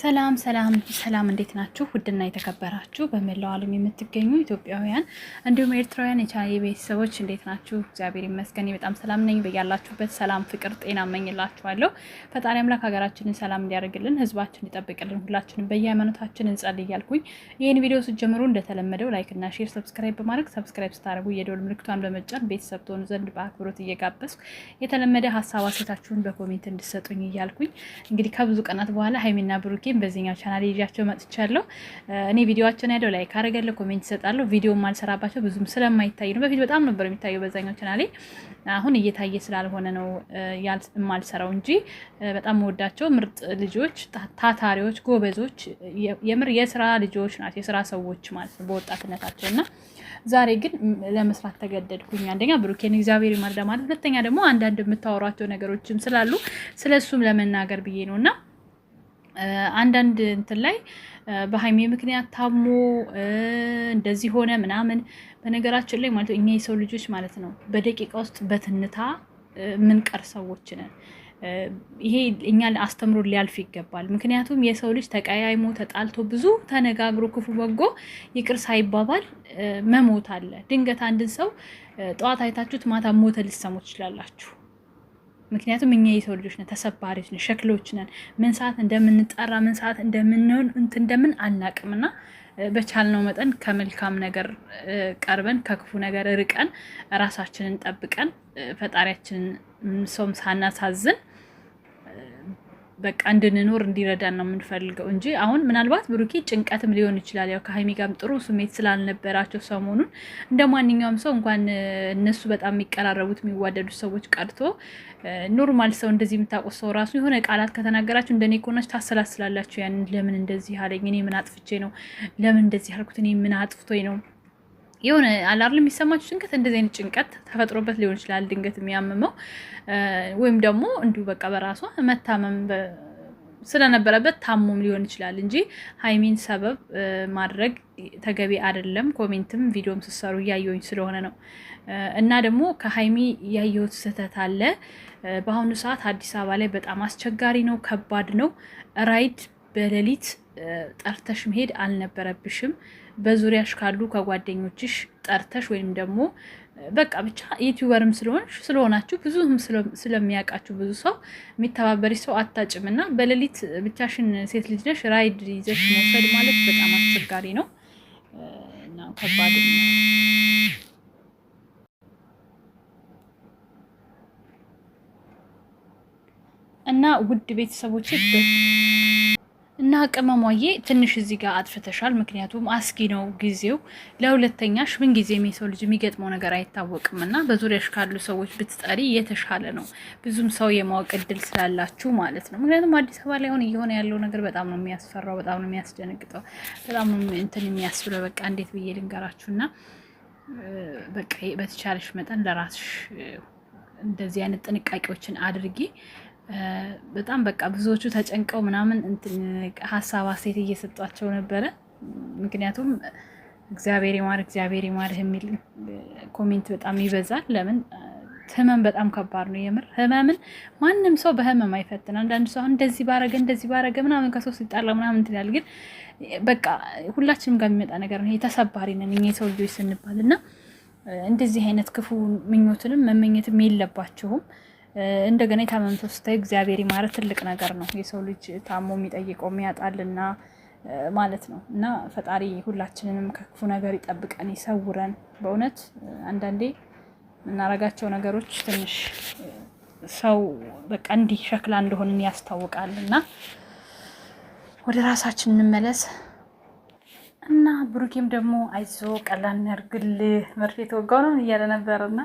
ሰላም ሰላም ሰላም፣ እንዴት ናችሁ? ውድና የተከበራችሁ በመላው ዓለም የምትገኙ ኢትዮጵያውያን እንዲሁም ኤርትራውያን የቻናሌ ቤተሰቦች እንዴት ናችሁ? እግዚአብሔር ይመስገን በጣም ሰላም ነኝ። በያላችሁበት ሰላም፣ ፍቅር፣ ጤና እመኝላችኋለሁ። ፈጣሪ አምላክ ሀገራችንን ሰላም እንዲያደርግልን፣ ህዝባችን እንዲጠብቅልን፣ ሁላችንም በየሃይማኖታችን እንጸል እያልኩኝ ይህን ቪዲዮ ስጀምሩ እንደተለመደው ላይክና ሼር፣ ሰብስክራይብ በማድረግ ሰብስክራይብ ስታደርጉ የደወል ምልክቷን በመጫን ቤተሰብ ትሆኑ ዘንድ በአክብሮት እየጋበዝኩ የተለመደ ሀሳብ አሴታችሁን በኮሜንት እንድሰጡኝ እያልኩኝ እንግዲህ ከብዙ ቀናት በኋላ ሀይሚና ብሩ ሐኪም በዚህኛው ቻናል ይዣቸው መጥቻለሁ። እኔ ቪዲዮዋቸውን ያለው ላይክ አደርጋለሁ፣ ኮሜንት ይሰጣለሁ። ቪዲዮ ማልሰራባቸው ብዙም ስለማይታይ ነው። በፊት በጣም ነበር የሚታየው በዛኛው ቻናሌ፣ አሁን እየታየ ስላልሆነ ነው የማልሰራው እንጂ በጣም ወዳቸው ምርጥ ልጆች፣ ታታሪዎች፣ ጎበዞች፣ የምር የስራ ልጆች ናቸው። የስራ ሰዎች ማለት ነው በወጣትነታቸው እና ዛሬ ግን ለመስራት ተገደድኩኝ። አንደኛ ብሩኬን እግዚአብሔር ይመርዳ ማለት፣ ሁለተኛ ደግሞ አንዳንድ የምታወሯቸው ነገሮችም ስላሉ ስለሱም ለመናገር ብዬ ነው እና አንዳንድ እንትን ላይ በሀይሜ ምክንያት ታሞ እንደዚህ ሆነ ምናምን። በነገራችን ላይ ማለት እኛ የሰው ልጆች ማለት ነው በደቂቃ ውስጥ በትንታ ምንቀር ሰዎች ነን። ይሄ እኛ አስተምሮ ሊያልፍ ይገባል። ምክንያቱም የሰው ልጅ ተቀያይሞ ተጣልቶ ብዙ ተነጋግሮ ክፉ በጎ ይቅር ሳይባባል መሞት አለ። ድንገት አንድን ሰው ጠዋት አይታችሁት ማታ ሞተ ልሰሙ ትችላላችሁ። ምክንያቱም እኛ የሰው ልጆች ነን፣ ተሰባሪዎች ነን፣ ሸክሎች ነን። ምን ሰዓት እንደምንጠራ ምን ሰዓት እንደምንሆን እንትን እንደምን አናቅም እና በቻልነው መጠን ከመልካም ነገር ቀርበን ከክፉ ነገር ርቀን ራሳችንን ጠብቀን ፈጣሪያችንን ሰውም ሳናሳዝን በቃ እንድንኖር እንዲረዳን ነው የምንፈልገው እንጂ አሁን ምናልባት ብሩኬ ጭንቀትም ሊሆን ይችላል። ያው ከሀይሚ ጋርም ጥሩ ስሜት ስላልነበራቸው ሰሞኑን እንደ ማንኛውም ሰው እንኳን እነሱ በጣም የሚቀራረቡት የሚዋደዱ ሰዎች ቀርቶ ኖርማል ሰው እንደዚህ የምታውቁት ሰው ራሱ የሆነ ቃላት ከተናገራችሁ እንደኔ ከሆናችሁ ታሰላስላላችሁ። ያንን ለምን እንደዚህ አለኝ፣ እኔ ምን አጥፍቼ ነው፣ ለምን እንደዚህ አልኩት፣ እኔ ምን አጥፍቶኝ ነው የሆነ አላርል የሚሰማችሁ ጭንቀት እንደዚህ አይነት ጭንቀት ተፈጥሮበት ሊሆን ይችላል። ድንገት የሚያምመው ወይም ደግሞ እንዲሁ በቃ በራሷ መታመም ስለነበረበት ታሞም ሊሆን ይችላል እንጂ ሀይሚን ሰበብ ማድረግ ተገቢ አይደለም። ኮሜንትም ቪዲዮም ስሰሩ እያየኝ ስለሆነ ነው። እና ደግሞ ከሀይሚ ያየሁት ስህተት አለ። በአሁኑ ሰዓት አዲስ አበባ ላይ በጣም አስቸጋሪ ነው፣ ከባድ ነው። ራይድ በሌሊት ጠርተሽ መሄድ አልነበረብሽም። በዙሪያሽ ካሉ ከጓደኞችሽ ጠርተሽ ወይም ደግሞ በቃ ብቻ ዩቲዩበርም ስለሆንሽ ስለሆናችሁ ብዙም ስለሚያውቃችሁ ብዙ ሰው የሚተባበሪ ሰው አታጭም እና በሌሊት ብቻሽን ሴት ልጅ ነሽ ራይድ ይዘሽ መውሰድ ማለት በጣም አስቸጋሪ ነው እና ከባድ እና ውድ ቤተሰቦች እና ቅመሟዬ ትንሽ እዚህ ጋር አጥፍተሻል። ምክንያቱም አስጊ ነው ጊዜው። ለሁለተኛሽ ምን ጊዜም የሰው ልጅ የሚገጥመው ነገር አይታወቅም እና በዙሪያሽ ካሉ ሰዎች ብትጠሪ የተሻለ ነው። ብዙም ሰው የማወቅ እድል ስላላችሁ ማለት ነው። ምክንያቱም አዲስ አበባ ላይ አሁን እየሆነ ያለው ነገር በጣም ነው የሚያስፈራው፣ በጣም ነው የሚያስደነግጠው፣ በጣም ነው እንትን የሚያስብለው። በቃ እንዴት ብዬ ልንገራችሁ እና በቃ በተቻለሽ መጠን ለራስሽ እንደዚህ አይነት ጥንቃቄዎችን አድርጊ። በጣም በቃ ብዙዎቹ ተጨንቀው ምናምን ሀሳብ አስተያየት እየሰጧቸው ነበረ። ምክንያቱም እግዚአብሔር ይማር እግዚአብሔር ይማር የሚል ኮሜንት በጣም ይበዛል። ለምን ህመም በጣም ከባድ ነው። የምር ህመምን ማንም ሰው በህመም አይፈትን። አንዳንድ ሰው አሁን እንደዚህ ባረገ እንደዚህ ባረገ ምናምን ከሰው ሲጣላ ምናምን ትላል። ግን በቃ ሁላችንም ጋር የሚመጣ ነገር ነው። የተሰባሪ ነን እኛ የሰው ልጆች ስንባል እና እንደዚህ አይነት ክፉ ምኞትንም መመኘትም የለባችሁም። እንደገና የታመመ ሰው ስታይ እግዚአብሔር ይማረ ትልቅ ነገር ነው። የሰው ልጅ ታሞ የሚጠይቀው የሚያጣልና ማለት ነው። እና ፈጣሪ ሁላችንንም ከክፉ ነገር ይጠብቀን ይሰውረን። በእውነት አንዳንዴ የምናረጋቸው ነገሮች ትንሽ ሰው በቃ እንዲህ ሸክላ እንደሆንን ያስታውቃል። እና ወደ ራሳችን እንመለስ። እና ብሩኬም ደግሞ አይዞ ቀላል እናድርግልህ መርፌ የተወጋው ነው እያለ ነበር። እና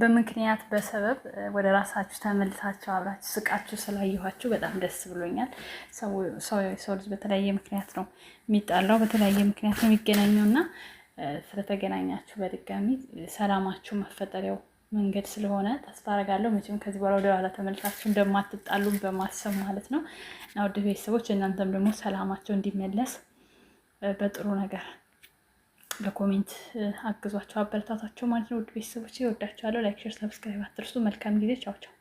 በምክንያት በሰበብ ወደ ራሳችሁ ተመልሳችሁ አብራችሁ ስቃችሁ ስላየኋችሁ በጣም ደስ ብሎኛል። ሰው ልጅ በተለያየ ምክንያት ነው የሚጣላው፣ በተለያየ ምክንያት ነው የሚገናኘው እና ስለተገናኛችሁ በድጋሚ ሰላማችሁ መፈጠሪያው መንገድ ስለሆነ ተስፋ አደርጋለሁ። መቼም ከዚህ በኋላ ወደ ኋላ ተመልሳችሁ እንደማትጣሉ በማሰብ ማለት ነው እና ውድ ቤተሰቦች እናንተም ደግሞ ሰላማቸው እንዲመለስ በጥሩ ነገር በኮሜንት አግዟቸው፣ አበረታታቸው ማለት ነው። ውድ ቤተሰቦች ይወዳቸዋለሁ። ላይክ፣ ሼር፣ ሰብስክራይብ አትርሱ። መልካም ጊዜ። ቻውቻው